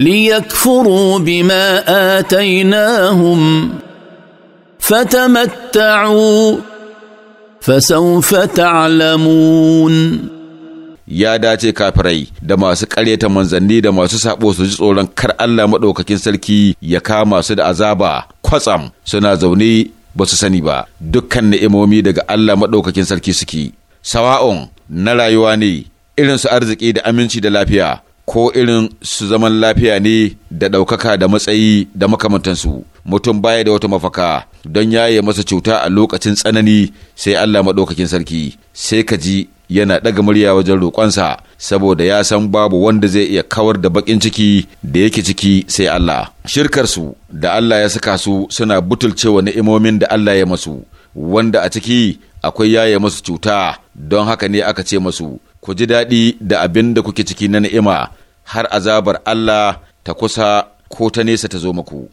ليكفروا بما اتيناهم فتمتعوا فسوف تعلمون ya dace kafirai da masu ƙaryata manzanni da masu saɓo su ji tsoron kar Allah maɗaukakin sarki ya kama su da azaba kwatsam suna zaune ba su sani ba dukkan ni'imomi daga Allah maɗaukakin sarki suke sawa'un na rayuwa ne irin su arziki da aminci da lafiya ko irin su zaman lafiya ne da ɗaukaka da matsayi da makamantansu mutum baya da wata mafaka don yaye masa cuta a lokacin tsanani sai Allah maɗaukakin sarki sai ka ji yana ɗaga murya wajen roƙonsa saboda ya san babu wanda zai iya kawar da baƙin ciki da yake ciki sai Allah. Shirkarsu da Allah ya saka su suna butulcewa ni'imomin da Allah ya masu, wanda a ciki akwai yaye masu cuta don haka ne aka ce masu ku ji daɗi da abin da kuke ciki na ni'ima har azabar Allah ta kusa ko ta nesa ta zo maku.